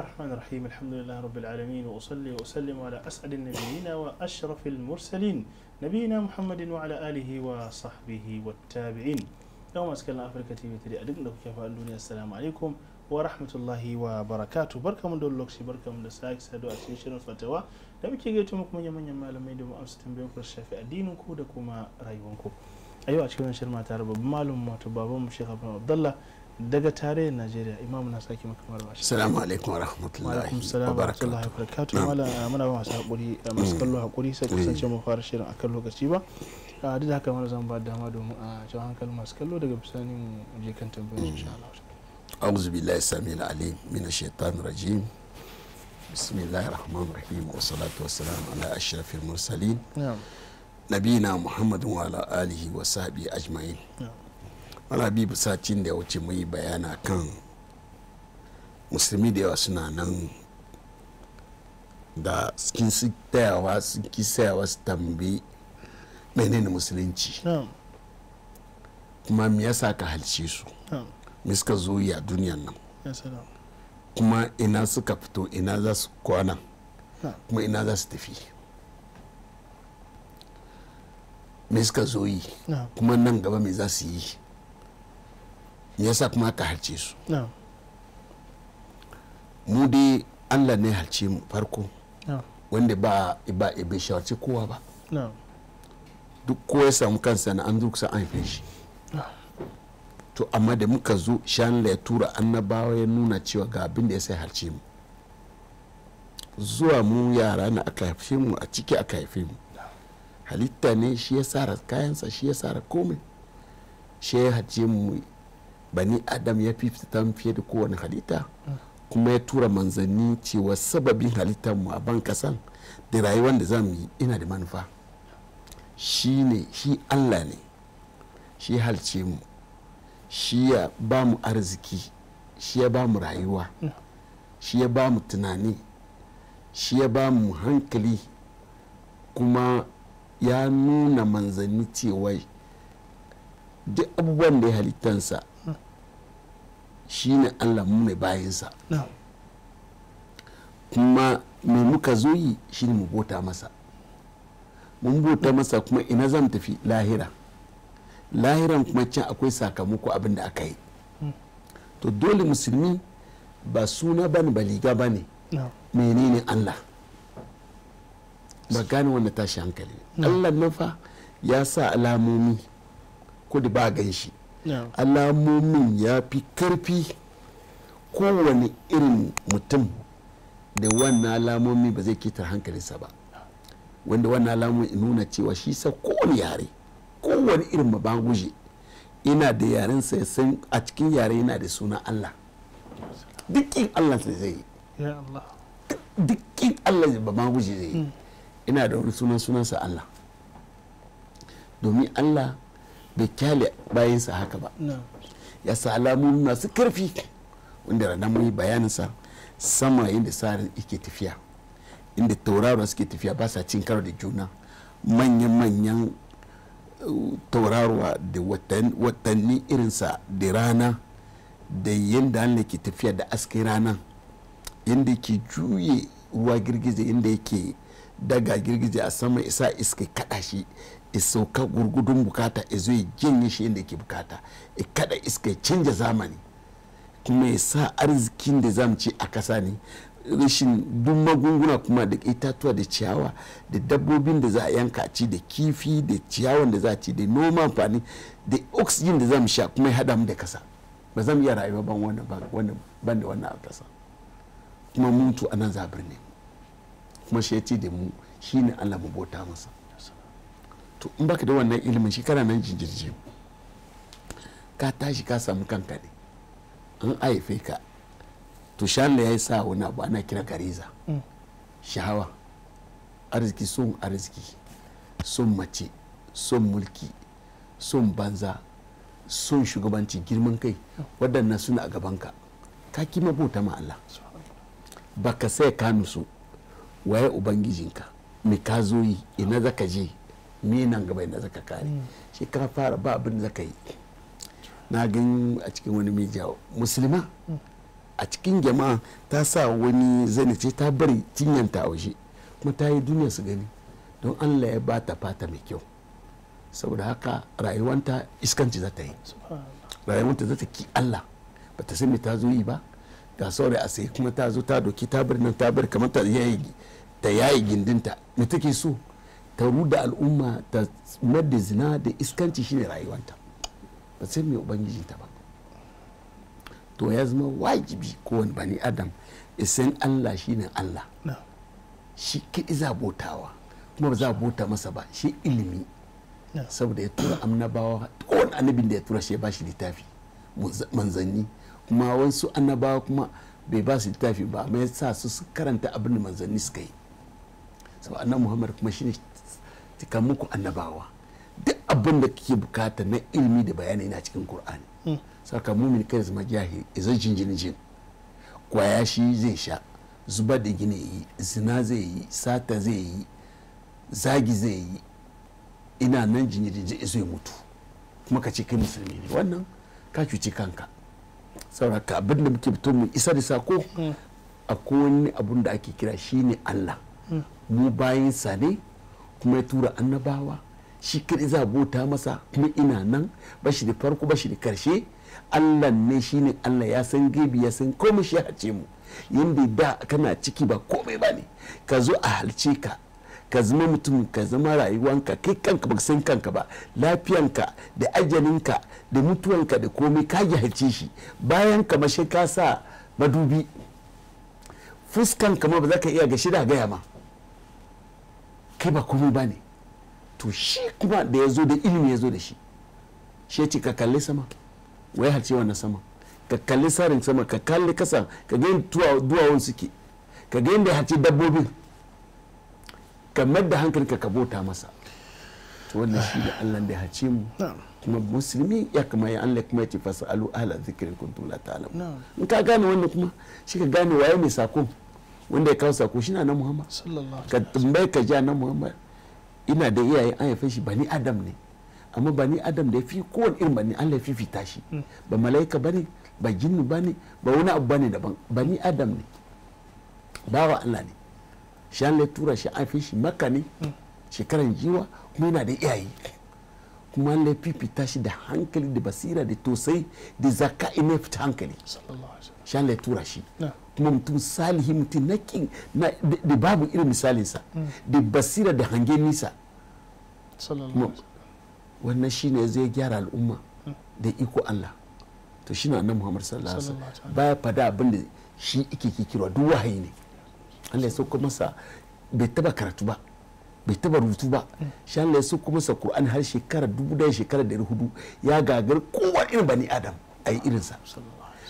الله الرحمن الرحيم الحمد لله رب العالمين وأصلي وأسلم على أسعد النبيين وأشرف المرسلين نبينا محمد وعلى آله وصحبه والتابعين يوم أسكن أفريقيا تي في تري أدنى كيف الدنيا السلام عليكم ورحمة الله وبركاته بركة من دول لوكسي بركة من الساكس هدو أسيشن الفتوى لم يكي جيتم يمن يمال ميدو أمستن بيوكر الشافي الدين كودكما رأيونكم a yau a cikin shirma tare babban malum wato baban mu shekaru Abdul Abdullah daga tarayyar Najeriya Imam na sake maka marwa shi salamu alaikum warahmatullahi wabarakatuh mala muna ba masu hakuri eh, masu kallo hakuri sai kasance eh. mu fara shirin akan lokaci ba a ah, duk da haka mana zan ba dama domin a jan hankalin masu kallo daga bisani mu je kan tambayoyi insha Allah أعوذ بالله السميع العليم من الشيطان الرجيم بسم الله wa الرحيم wa والسلام على أشرف nabina muhammadin wa alihi wa sahbi ajma'in ana bi sacin da ya wuce mai bayana kan musulmi da yawa suna nan da suke su tayawa su kisayawa su tambi menene musulunci kuma me yasa ka halce su me suka zo ya duniyan nan kuma ina suka fito ina za su kwana kuma ina za su tafi me suka zo yi kuma nan gaba me za su yi yasa kuma aka harce su mu dai allah ne harce mu farko wanda ba a bai shawarci kowa ba duk kowa ya samu kansa na an kusa an haife shi to amma da muka zo shan ya tura annabawa ya nuna cewa ga abin da ya sai harce mu zuwa mu yara na aka haife mu a ciki aka haife mu halitta ne shi ya sa kayansa shi ya sa komai shi ya haje mu bani adam ya fifita fiye da kowane halitta kuma ya tura manzanni cewa sababin halittar mu a ban kasan da rayuwar da zamu yi ina da manufa shi ne shi allah ne shi halce mu shi ya ba mu arziki shi ya ba mu rayuwa shi ya ba mu tunani shi ya ba mu hankali kuma ya nuna manzanni cewa duk abubuwan da ya halittansa shi ne allah mu ne bayansa kuma me muka zo yi shi ne mu bota masa mun bota masa kuma ina zan tafi lahira lahiran kuma can akwai sakamako abin da aka yi hmm. to dole musulmi ba suna ba ne ba liga ba ne menene allah ba gane wanda tashi hankali allah na ya sa alamomi ko da ba gan shi alamomin ya fi karfi kowane irin mutum da wannan alamomi ba zai ketar hankalinsa ba wanda wannan alamomi nuna cewa shi sa kowane yare kowane irin mabanguje ina da yaren sa san a cikin yare yana da suna Allah dukkin Allah sai zai yi dukkin Allah ba mabanguje zai yi mm. ina da wani sunan sunansa Allah domin Allah bai kyale bayansa haka ba ya sa alamu masu karfi wanda rana mai bayaninsa sama inda tsarin ike tafiya inda tauraro suke tafiya ba sa cin karo da juna manyan-manyan uh, tauraruwa da watanni irinsa da rana da yadda an ke tafiya da askin rana yadda ke juye ruwa girgiza inda yake daga girgije a sama isa iska kada shi sauka gurgudun bukata ya zo ya janye shi inda ke bukata ya kada iska canja zamani kuma ya sa arzikin da zamu ci a kasa ne rashin duk magunguna kuma da itatuwa da ciyawa da dabbobin da za a yanka ci da kifi da ciyawan da za a ci da noma amfani da oxygen da za mu sha kuma ya hada mu da kasa ba za mu iya rayuwa ban wannan ban da wannan a kasa kuma mutu anan nan zabir ne kuma shi ya ce da mu shi ne Allah mu bauta masa to in baka da wannan ilimin shi kana nan jinjirji ka tashi ka samu kanka ne an haife ka to shanla ya yi sa wani abu ana kira gariza mm. shahawa arziki son arziki son mace son mulki son banza son shugabanci girman kai waɗannan suna a gabanka ka kima bauta ma Allah ba ka sai ka nusu waye ubangijinka me ka zo yi ina zaka je me nan gaba ina zaka kare hmm. shi ka fara ba abin zaka yi na gan a cikin wani mija musulma hmm. a cikin jama'a ta sa wani zane ce ta bari cinyan ta aushe kuma ta yi duniya su gani don allah ya ba ta fata mai kyau saboda haka rayuwanta iskanci za ta yi rayuwanta za ta ki allah ba ta me ta zo yi ba ga saura a sai kuma ta zo ta doki ta bar nan ta bar kamar ta yayi ta yayi gindinta me take so ta ruda al'umma ta madda zina da iskanci shine rayuwanta ba sai mai ta ba to ya zama wajibi kowane bani adam isan allah shine allah shi kaɗi za botawa kuma ba za a bota masa ba shi ilimi saboda ya tura annabawa kowane annabin da ya tura shi ya shi littafi manzanni kuma wasu annabawa kuma bai ba su littafi ba mai sa su karanta abin da manzanni suka yi sau annan muhammad kuma shine cikan muku annabawa duk abin da kake bukata na ilimi da bayani na cikin qur'ani hmm. saka mumin kai zama jahil izan jinjin jin kwaya shi zai sha zuba da gine yi zina zai yi sata zai yi zagi zai yi ina nan jinjin zai mutu kuma ka ce kai musulmi ne wannan ka cuci kanka sauraka abin da muke fito mu isa da sako a wani abun da ake kira shi ne Allah mu bayan sa ne kuma ya tura annabawa shi kadai za bota masa kuma ina nan ba shi da farko ba shi da karshe Allah ne shi ne Allah ya san gibi ya san komai shi ya hace mu yadda da kana ciki ba komai ba ne ka zo a halce ka ka zama mutum ka zama rayuwanka kai kanka ba san kanka ba lafiyanka da ajalinka da mutuwanka da komai ka jahilce shi bayan ka mashe ka sa madubi fuskan ma ba za ka iya gashi da gaya ma kai ba komai ba ne to shi kuma da ya zo da ilimi ya zo da shi shi ce ka kalli sama wai harce wannan sama ka kalli sarin sama ka kalli kasa ka gani duwawan suke ka ga ya harce dabbobin ka mayar da hankalinka ka bauta masa to wannan shi da Allah da hace mu kuma musulmi ya kama ya Allah kuma ya ce fasalu ala zikri kuntum la ta'lamun in ka gane wannan kuma shi ka gane waye mai sako wanda ya kawo sako shi na Muhammad sallallahu alaihi wasallam ka tambaye ka ji na Muhammad ina da iyaye an haife shi bani Adam ne amma bani Adam da ya fi kowane irin bani Allah ya fifita shi hmm. ba malaika bane ba jinnu bane ba wani abu bane daban bani Adam ne bawa Allah ne shi an tura shi an fi shi makka ne shekaran jiwa kuma yana da iyaye kuma an fifita shi da hankali da basira da tosai da zaka ina fita hankali shi an tura shi kuma mutum salihi mutum na da babu irin misalinsa mm. da basira da hange nisa wannan shi ne zai gyara al'umma mm. da iko Allah to shi na annabi Muhammad sallallahu alaihi wasallam baya fada abin da shi yake kikirwa duk wahayi ne Allah ya sauko masa bai taba karatu ba bai taba rubutu ba shi Allah ya sauko masa Qur'ani har shekara dubu da shekara da hudu ya gagar kowa irin bani Adam a yi irinsa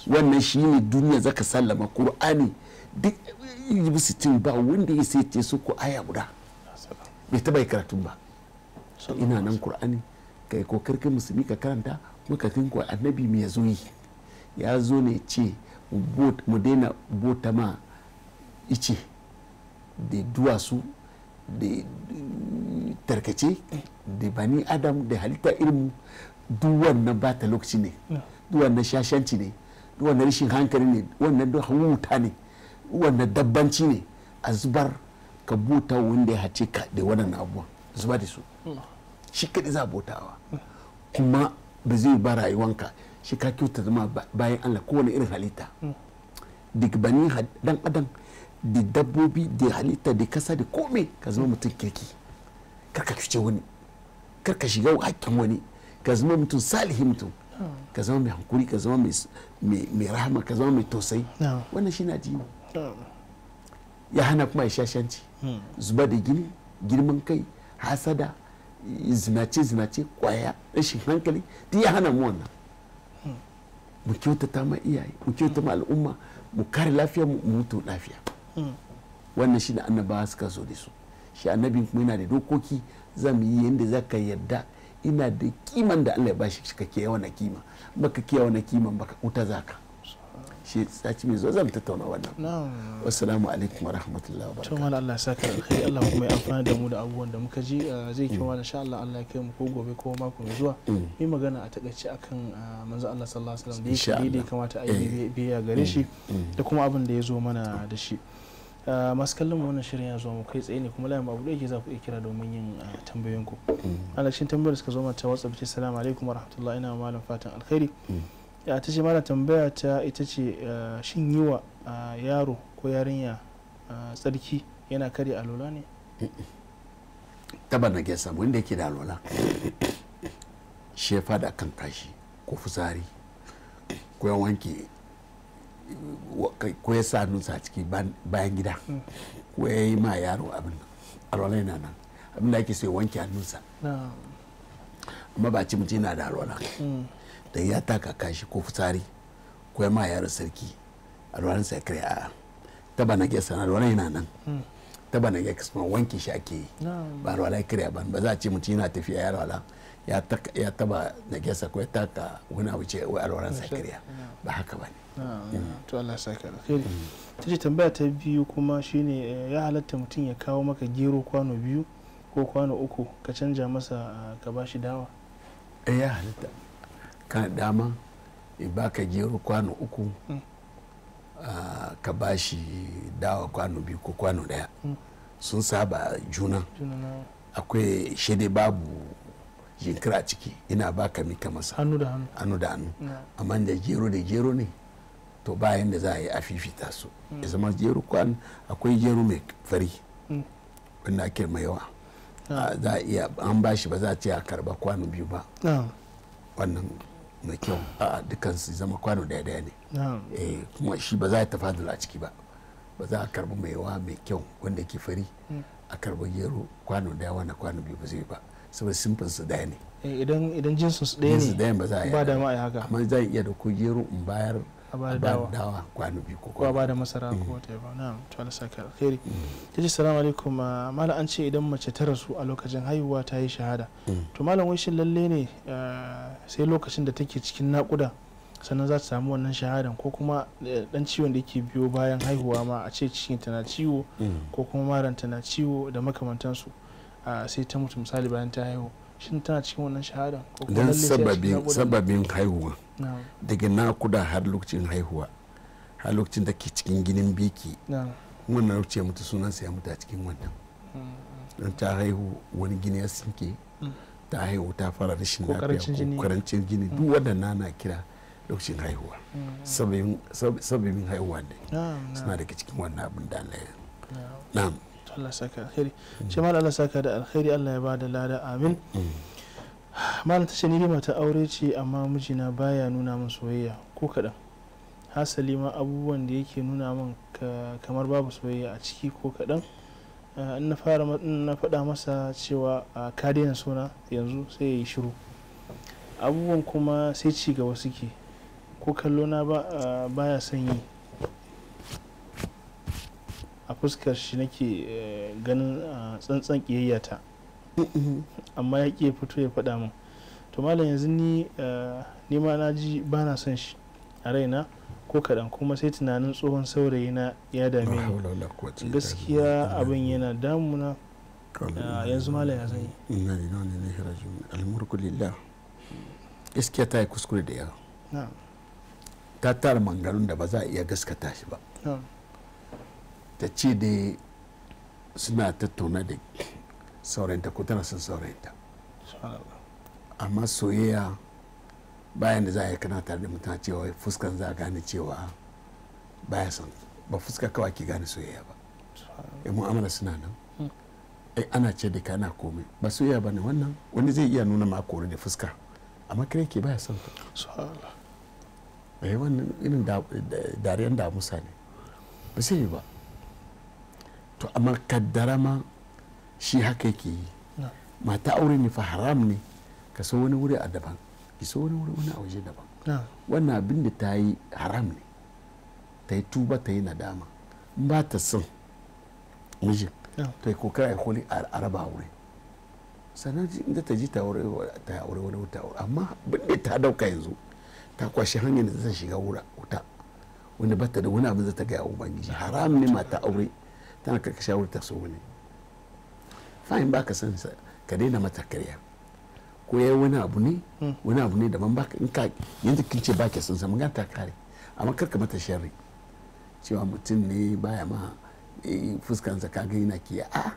wannan shi ne duniya zaka sallama Qur'ani duk sitin ba wanda ya sai ce ko aya guda bai taba karatu ba ina nan Qur'ani kai kokarkin musulmi ka karanta muka ko annabi ya zo yi ya zo ne ce mu daina bota ma ice da duwatsu da tarkace da bani adam da halitta irin duk na bata lokaci ne duwan na shashanci ne duwan na rashin hankali ne wannan duk wuta ne na dabbanci ne a zubar ka buta wanda ya hace ka da wannan abuwa zuba da su shi kaɗai za a bautawa kuma ba zai ba rayuwanka shi ka kyauta zama bayan allah kowane irin halitta duk bani dan adam da dabbobi da halitta da kasa da komai ka zama mutum kirki karka cuce wani karka shiga hakkin wani ka zama mutum salihi mutum ka zama mai hankuri ka zama mai rahama ka zama mai tausayi wannan shi na addini ya hana kuma ya shashanci hmm. zuba da gini girman kai hasada zinace zinace kwaya rashin hankali duk ya hana mu wannan hmm. mu kyautata ma iyaye mu kyautata ma al'umma mu kare lafiya mu mutu lafiya wannan shi da annabawa suka zo da su shi annabin kuma yana da dokoki za mu yi yadda za ka yarda ina da kiman da Allah ya bashi shi ka kiyaye na kima baka kiyaye na kiman baka kuta ka shi saci mai zo zan tattauna wannan wasalamu alaikum wa rahmatullahi wa barakatuh to Allah ya saka alkhairi Allah kuma ya amfana da mu da abubuwan da muka ji ah, zai kyau wani mm. sha Allah Allah ya kai mu ko gobe ko mako mai zuwa mm. yi magana a takaice akan ah, manzo Allah sallallahu alaihi wasallam da ya kamata a yi eh. biya gare shi mm. da kuma abin da ya zo mana da shi Eh, masu kallon mu wannan shirin ya zo mu kai tsaye ne kuma layin babu yake za ku iya kira domin yin eh, tambayoyin ku mm. alashin tambayar suka zo mata whatsapp ce salamu alaikum wa rahmatullahi ina malam fatan alkhairi mm. ya ta ce mana tambaya ta ita ce eh, shin yi wa yaro ko yarinya tsarki yana kare alola ne tabar na samu wanda yake da alola shefa da kan kashi ko fusari ko yan wanke ko ya sa nusa a ciki bayan gida ko ya yi ma yaro abin alwala yana nan abin da ake so ya wanke hannunsa amma ba ci mutum yana da alwala mm. da ya taka kashi ko fitsari ko ya ma yaro sarki sa ya kare a'a taba na gesa na alwala yana nan mm. taba na gesa kuma wanke shi ake yi ba alwala ya kare ba ba za a ci mutum yana tafiya ya alwala ya taba na gesa ko ya taka wani abu ce alwalansa ya kare ba haka ba ne to Allah saka ta ce tambaya ta biyu kuma shine eh, ya halatta mutum ya kawo maka gero kwano biyu ko kwano uku ka canja masa ah, ka bashi dawa eh, ya halatta ka dama ya baka gero kwano uku hmm. ah, ka bashi dawa kwano biyu ko kwano daya hmm. sun saba juna akwai shede babu jinkira ciki ina baka mika masa hannu da hannu amma da gero da gero ne to bayan da za a yi a fifita su mm. ya zama jeru kwan akwai jeru mai fari mm. wanda ake yawa ah. Ah, za a iya an bashi ba za a ce a karba kwano biyu ba ah. wannan mai kyau a dukkan su zama kwano daya daya ne eh, kuma shi ba za a tafa a ciki ba ba za a karba mai yawa mai kyau wanda ke fari mm. a karba jeru kwano daya wani kwano biyu ba zai ba saboda simfin su daya ne eh, idan jinsu su daya ne ba za a yi haka amma zan iya da ko jeru in bayar a dawa kwano biyu ko a ba da masara ko wata yaba na to sakar. alkhairi mm. ta ce salamu alaikum ah, malam an ce idan mace ta rasu a lokacin haihuwa ta yi shahada mm. to malam wai shin lalle ne ah, sai lokacin da take cikin nakuda sannan za ta samu wannan shahadan ko kuma dan eh, ciwon da yake biyo bayan haihuwa ma a ce cikin na ciwo mm. ko kuma maranta na ciwo da makamantansu ah, sai ta mutu misali bayan ta haihu shin tana cikin wannan shahada don sababin sababin haihuwa daga nakuda har lokacin haihuwa har lokacin da ke cikin ginin biki wannan rubuce mutu sunan sai ya mutu a cikin wannan mm-hmm. don ta haihu wani gini ya sinke mm. ta haihu ta fara rashin lafiya ko karancin gini duk mm. waɗannan na kira lokacin haihuwa mm. sababin haihuwa ne suna daga cikin wannan abin da Allah ya na'am to Allah saka alkhairi shi mal da alkhairi Allah ya bada lada amin mm. malam tace ni mata aure ce amma mijina baya nuna min soyayya ko kadan hasali ma abubuwan da yake nuna min kamar babu soyayya a ciki ko kadan eh, in na fara na faɗa masa cewa ah, ka daina suna yanzu sai ya yi shiru abubuwan kuma sai ci gaba suke ko kallo na ah, baya son yi a fuskar shi nake eh, ganin ah, tsantsan ƙiyayyata amma ya ke fito ya faɗa min to malam yanzu ni eh, nima na ji ba na son shi a raina ko kaɗan kuma sai tunanin tsohon saurayi na ya dame ni gaskiya abin yana damuna ah, yanzu malam ya zai almurkulillah gaskiya ta yi kuskure da yawa ta tara mangarun da ba za a iya gaskata shi ba ta ce da suna tattauna da saurinta ko tana son saurinta amma soyayya bayan da za a yi kana tare da mutum cewa fuskan za a gane cewa baya son ba fuska kawai ke gane soyayya ba ya amara suna nan ai hmm. eh, ana ce da kana komai ba soyayya ba ne wannan wani zai iya nuna ma da fuska amma kare ke baya son ta bai eh, wannan irin dariyan damusa ne ba sai ba to amma kaddara ma shi haka yake yi mata aure ne fa haram ne ka so wani wuri a daban ki so wani wuri wani a waje daban wannan abin da ta yi haram ne ta yi tuba ta yi nadama in ba ta son mijin Ta yi kokar a koli a araba aure sannan inda ta ji ta aure wani wuta aure amma abin da ta dauka yanzu ta kwashe hanyar da zai shiga wuta wanda ba ta da wani abin da ta gaya ubangiji haram ne mata aure tana karka ta su wani fahim ba ka san ka daina mata karya ko ya wani abu ne hmm. wani abu ne daban baka in ka yanzu kin ce baki san samu ganta kare amma karka mata sharri cewa mutum ne baya ma eh, fuskansa kaga yana kiya a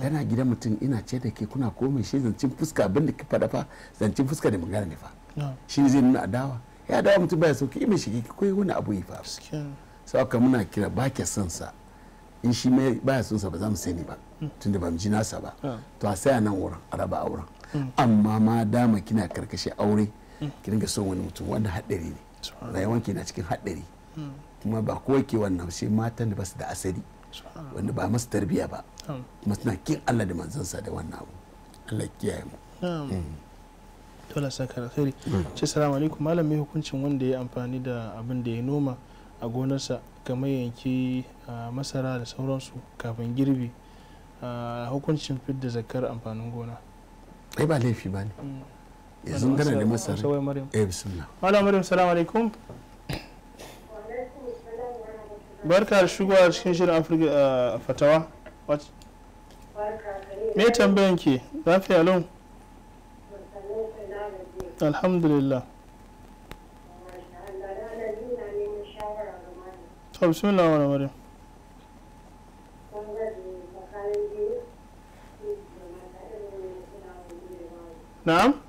kana gidan mutum ina ce da ke kuna komai shi zancin fuska abin da ka faɗa fa zancin fuska da magana ne fa shi zai nuna adawa ya dawa mutum baya sauki ime shi ko wani abu ya fa sau muna kira ba ke son sa in shi mai baya son sa ba za mu sani ba tunda ba mu ji nasa ba ah. to a saya nan wurin a raba auren mm. amma ma dama kina karkashin aure mm. ki dinga son wani mutum wanda haɗari ne rayuwar ki na cikin haɗari mm. kuma ba kowa ke wannan sai matan da basu da asali wanda ba masu tarbiya ba ah. kuma suna kin Allah da manzansa da wannan abu Allah kiyaye mu dole saka alkhairi ce assalamu alaikum malam mai hukuncin wanda ya amfani da abin da ya noma a gonarsa kamar yanke masara da sauransu kafin girbi hukuncin fidda zakar amfanin gona ai ba laifi ba ne mm. yanzu gana da masara eh bismillah malam maryam salamu alaikum barka da shigowa cikin shirin afirka fatawa me tambayan ke lafiya alhamdulillah to bismillah wa na'am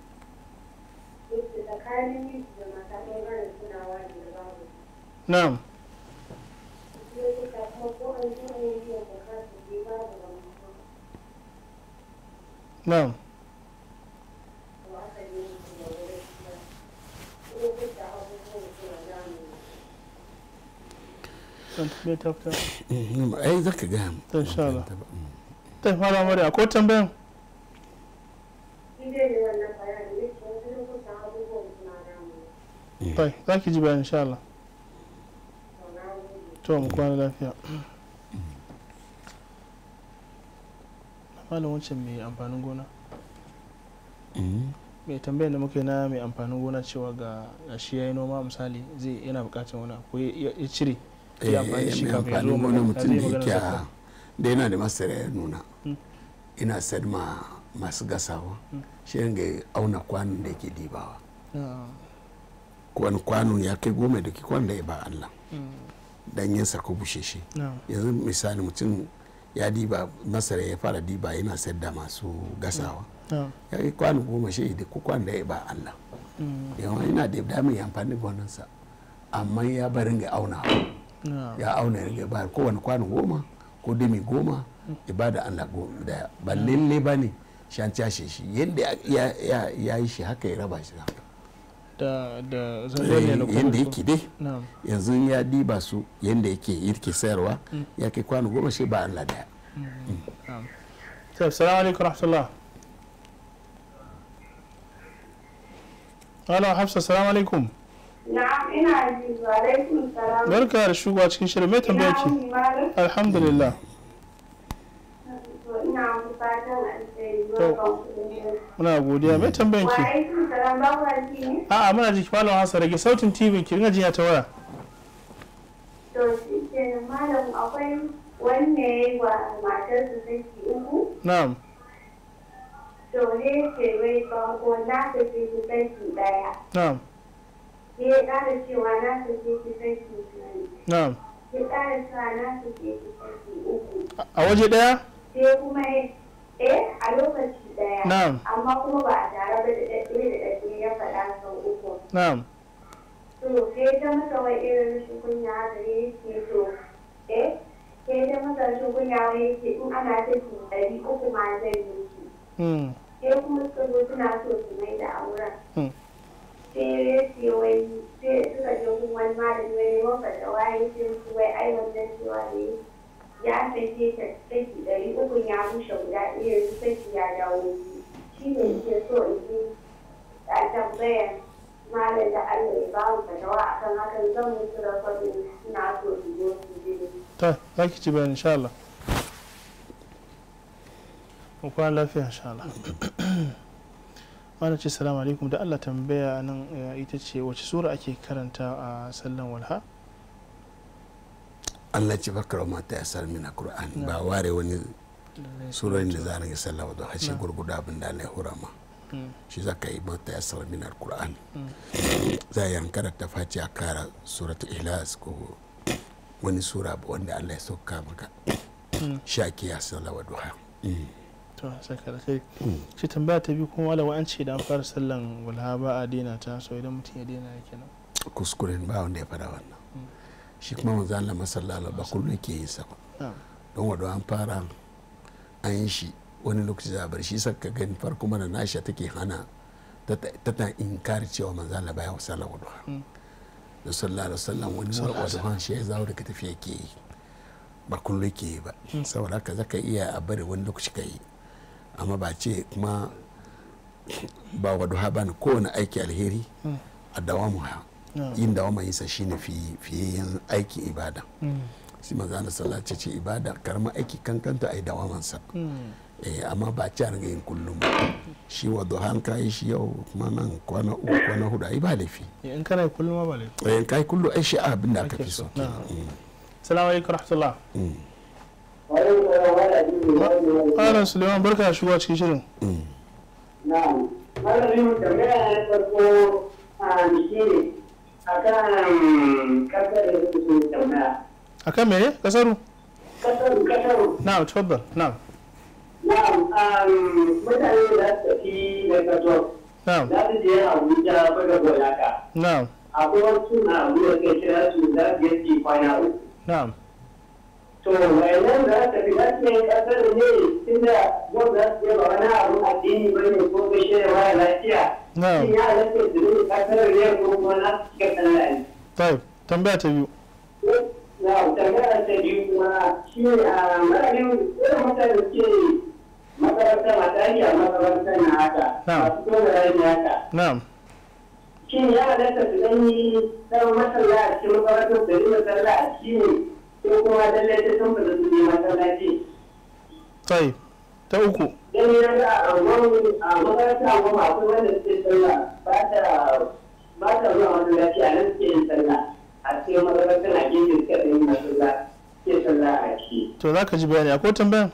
na'am na'am tumeitafuta aidha Kigamo inshallah. Mm. Tayeb, mara moja akwai tambayan? Tayeb, za ki ji bayan insha Allah. To mu kwana lafiya. Malam wancan mai amfanin gona. mai tambayar da muke na mai amfanin gona cewa ga shi ya yi noma misali zai yana bukatar wani ko ya cire Eh, amfani wani mutum da yake a da yana da masara ya nuna hmm. ina sayar ma masu gasawa hmm. shi ga auna kwanon da yake dibawa ah. wani kwanon ya kai goma da ke kwanon da ya ba Allah hmm. dan yin sako bushe shi ah. yanzu misali mutum ya diba masara ya fara diba yana sayar da masu gasawa ah. ya kai kwanon goma shi da ko kwanon da ya ba Allah yawan yana da damin amfani da gonansa amma ya barin ga aunawa ya auna ya bayar kowane kwanon goma ko dimi goma ya ba da allah goma daya ba lalle ba ne shan cashe shi yadda ya yi shi haka ya raba shi haka da zangoniyar eh, yadda yake dai yanzu ya diba su yadda yake yake sayarwa ya kai kwano goma shi ba Allah daya mm-hmm. salamu alaikum rahmatullah ala hafsa salamu alaikum Na'am Barka da a cikin shirin mai tambayar ki. Alhamdulillah. Muna godiya mai tambayar ki. a a muna jiki malam rage sautin TV ki ringa jiya ya ta waya. ke malam akwai ya yi wa zai uku? Na'am. To ne ke wai bango na tafi saki daya. Na'am. sai ƙara cewa na sake ƙara cewa uku a waje ɗaya sai kuma eh a lokaci ɗaya amma kuma ba a tare ba da ɗaɗɗe da ɗaɗɗe ya faɗa sau uku to sai ta masa wai irin rashin kunya haka ne yake to eh sai ta masa rashin kunya wai yake in ana saki ɗari uku ma zan yi sai kuma suka zo suna so su mai da auren hmm. sai ya ce sai suka je wani malami wai neman fatawa ya ce su wai ai cewa ne ya sake ta saki ɗari uku ya bushe guda ɗaya yanzu saki ya dawo shi ne ke so in yi a malam da Allah ya ba mu fatawa akan hakan zan mutu da kwamin na so su zo su je. Ta, za ki ci bayan insha Allah. lafiya insha Allah. mana ce salamu alaikum da allah tambaya nan eh, ita ce wace sura ake karanta a sallan walha allah ce farkar mata ta yasar na qur'ani ba ware wani surorin da za a rage sallah wadda hashe gurguda abin da allah ya hura ma hmm. shi za ka yi mata ya yasar na qur'ani hmm. za a yi ta face a kara suratul ilas ko wani sura wanda allah ya sauka maka hmm. shi ake yasar lawa duha to saka da kai shi tambaya ta biyu kuma wala an ce da an fara sallan walha ba a daina ta so idan mutum ya daina yake nan kuskuren ba wanda ya fara wannan hmm. shi kuma manzo Allah masallala ba kullun ke yin sa ah. don wado an fara an yi shi wani lokaci za a bar shi saka gani farko mana nasha take hana ta ta inkari cewa manzo Allah baya wasala wadu hmm. da sallallahu alaihi wasallam wani wadu shi ya zawo daga tafiya ke yi ba kullun ke yi ba hmm. saboda haka zaka iya a bari wani lokaci ka yi amma ba ce kuma ba wadu ba ne kowane aiki alheri a dawamu ha hmm. yin dawama shi ne fiye yin aiki ibada si maza na sallah ce ibada karma aiki kankanta a yi dawamansa hmm. eh, amma ba ce ringa yin kullum shi wa duha ka yi shi yau kuma nan kwana uku kwana hudu yi ba laifi eh, in kana kullum ba laifi eh, in kai kullum ai shi abin da aka fi so hmm. salamu alaikum rahmatullah Ƙarin Suleiman barka da shigowa cikin shirin. a shi akan da Kasaru? Kasaru, kasaru. Na'am, um, mutane da su tafi da kaso. Za su je Abuja buga bolaka. Na'am. Akwai wasu na Abuja kai su za su yi kwana uku. to wayannan za ta fi lafiyar kasar ne tunda gwamnati ya ba wani abu a addini ba ne ko gashe da mara lafiya shin ya lafiyar da ne kasar ne ko kuma na su cikin sana'ari. Taib, tambaya ta biyu. Na tambaya ta biyu kuma shi ne a marabin irin mutane ke makarantar mataki a makarantar na haka. Masu kuma rayuwa haka. Na'am. Shin ya da su ɗan yi a cikin makarantar da yi masallaci ne ko kuma lallai ta san su ne masallaci tai ta uku dan ya ga a gwamnati a makaranta goma akwai wanda suke sallah ba ta ba ta zuwa masallaci a nan suke yin sallah a cikin makaranta na gefe suka yi masallaci suke sallah a ciki to za ka ji bayani akwai tambayan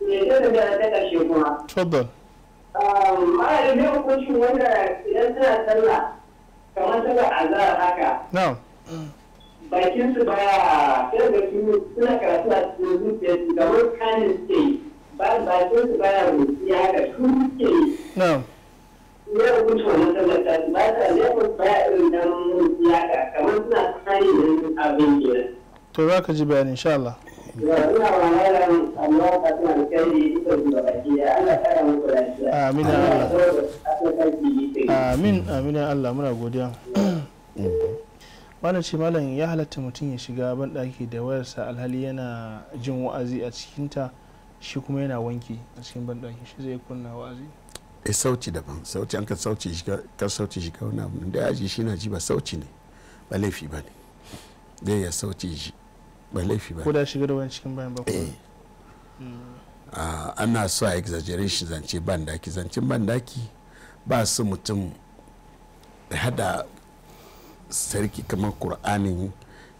ne ta da ta kashe kuma tfaddal um, malamin hukuncin wanda idan suna sallah kamar sallar azhar haka na'am bakin su baya sai da su suna karatu a cikin zuciyar su kamar kanin ce ba bakin su baya rufi haka su ke ya rubuta wannan sallar su ba ta lefin baya irin dan rubuci haka kamar suna tsari da yin abin gina. to za ka ji bayani insha Allah. Amin Allah. amin Allah muna godiya. malam ce malam ya halatta mutum ya shiga banɗaki da wayarsa alhali yana jin wa'azi a cikinta shi kuma yana wanki a cikin banɗaki shi zai kunna wa'azi e eh, sauci daban sauci an ka sauci shiga kan sauci shiga wani abu da yaji shi na ji ba sauci ne ba laifi ba ne zai ya sauci shi ba laifi ba ko da shiga da wani cikin bayan ba eh. hmm. ah, ana so a exaggeration zance zance bandaki zancen bandaki ba su mutum hada sarki kamar ƙur'anin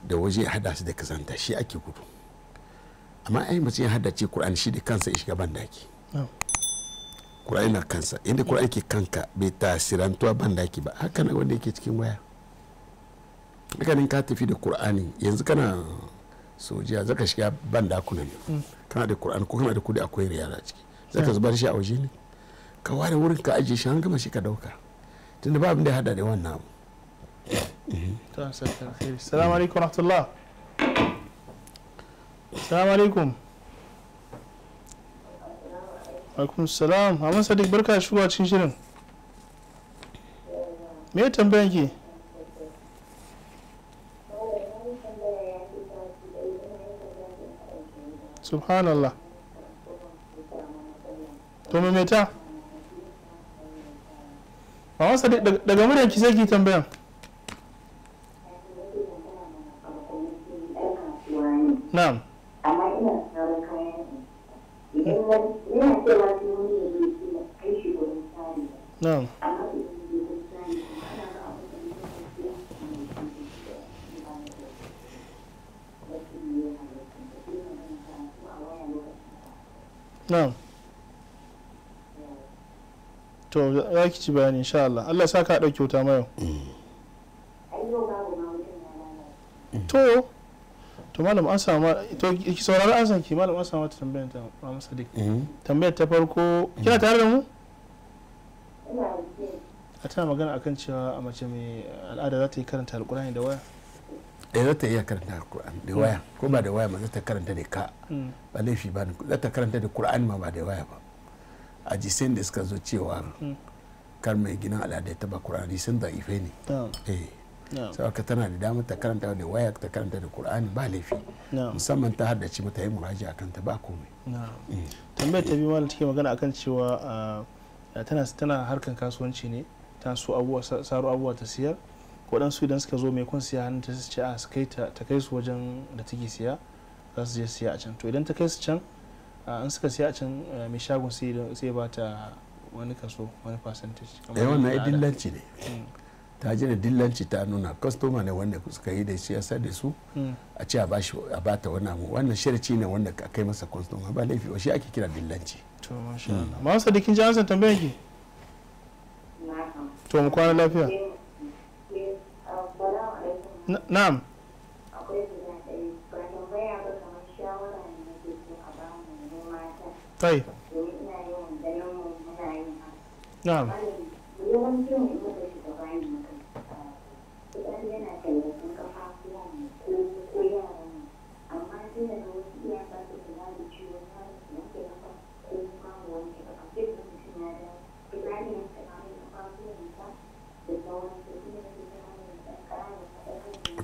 da waje hada su da kazanta shi ake gudu amma ai mace ya hada ce ƙur'ani shi da kansa ya shiga bandaki ƙur'ani na kansa inda ƙur'ani ke kanka bai tasirantuwa bandaki ba haka na wanda yake cikin waya ne ka tafi da kur'ani yanzu kana sojiya zaka shiga bandakuna ne mm. kana da ƙur'ani ko kana da kudi akwai riyal a ciki zaka zubar shi a waje ne ka ware wurin ka ajiye shi an gama shi ka dauka tunda ba abin da ya hada da wannan abu السلام عليكم ورحمة الله السلام عليكم alaikum salam amma sadiq barka shigowa cikin shirin me ya tambayan subhanallah to maimaita ba wasa daga muryanki sai ki tambayan ci bayani insha Allah Allah sa ka ɗau wuta mayo to to malam an samu to ki saurari an san ki malam an samu ta tambayar ta Muhammad mm-hmm. Sadiq tambayar ta farko kina tare da mu a tana magana akan cewa a mace mai al'ada za ta yi karanta alkurani da waya eh za ta iya karanta alkurani da waya mm. ko ba da waya ba za ta karanta da ka mm. ba laifi ba za ta karanta da kur'ani ma ba da waya ba a jisai da suka zo cewa mm. kar mai gina al'adai ta ba kur'ani sun da ife ne eh ka tana da damar ta karanta da waya ta karanta da kur'ani ba laifi musamman ta haddace mata yi muraji a kanta ba komai eh. tambayar ta eh. biyu malam take magana akan cewa ah, tana tana harkan kasuwanci ne ta so abuwa saro abuwa ta siyar waɗansu idan suka zo mai kun siya hannun ta su ce a ah, su kai ta kai su wajen da take siya za su je siya a can to idan ta kai su can ah, in suka siya a can mai shagon sai ba ta wani kaso wani percentage eh, ya wannan dillanci ne hmm. ta ji da dillanci ta nuna kwastoma ne wanda suka yi da shi ya da su hmm. a ce a ba ta wani abu wannan shirci ne wanda ka kai masa kwastoma ba laifi wa shi ake kira dillanci to masha hmm. Allah ma wasa dikin jansan ki to mu kwana lafiya eh, eh, na'am طيب نعم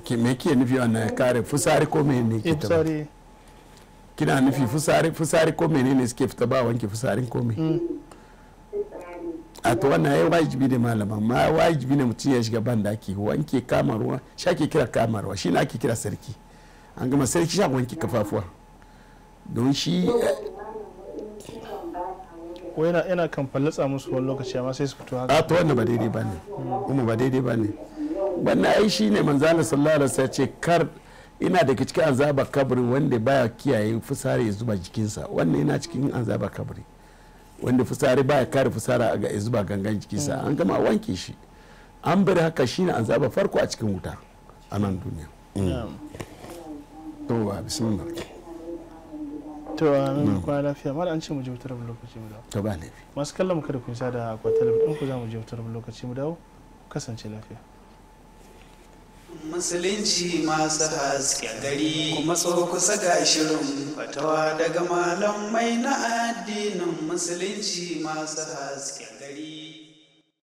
ke me ke nufi wannan kare fusari ko menene ke ta kina nufi fusari fusari ko menene suke fita ba wanke fusarin ko a to wannan ya wajibi ne malama ma wajibi ne mutum ya shiga ban ake wanke kama ruwa shi ake kira kama ruwa shi ne ake kira sarki an gama sarki shi wanke kafafuwa don shi ko yana yana kan fallatsa musu wani lokaci amma sai su fito haka a to wannan ba daidai bane hmm. kuma ba daidai bane wannan ai shi ne Allah sallallahu alaihi wasallam ce kar ina daga cikin azabar kabari wanda baya kiyaye fusare zuba jikinsa wannan yana cikin azabar kabari wanda fusari baya kare fusara ga zuba gangan jiki sa an gama wanke shi an bari haka shine an zaba farko a cikin wuta a nan duniya to mm. ba bismillah to amin mm. kuma lafiya mara an ce mu je wutar lokaci mu dawo to ba lafiya masu kallon mu kada ku yi da akwatar ɗin ku za mu je wutar lokaci mu dawo kasance lafiya musulunci masu haske gari kuma so kusa ga shirin fatawa daga malamai na addinin musulunci masu haske